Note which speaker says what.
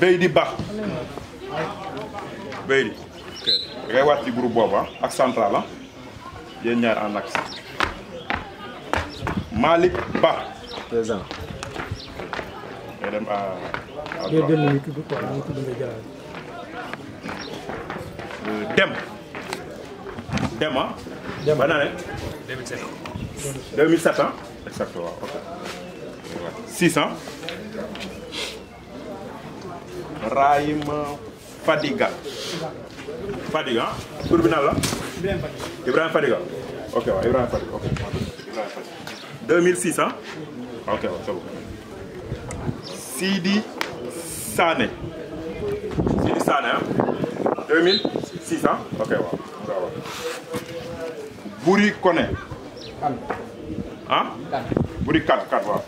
Speaker 1: Beydi Ba
Speaker 2: Beydi da ngay wàcc ci groupe boobu ah, ak central ah yéen ñaar en axe Malick Ba. dem à. à ba na ne. 2007. 2007 ah. exactement ok. Ah. Rahima Fadiga Fadiga ah? tur bi nan la Ibrahima Fadiga ok waaw Ibrahima Fadiga ok Ibrahima Fadiga 2006 ah ok waaw c'est Sidi Sané Sidi Sané ah 2006 ah ok waaw Buri Koné ah Buri 4 4 waaw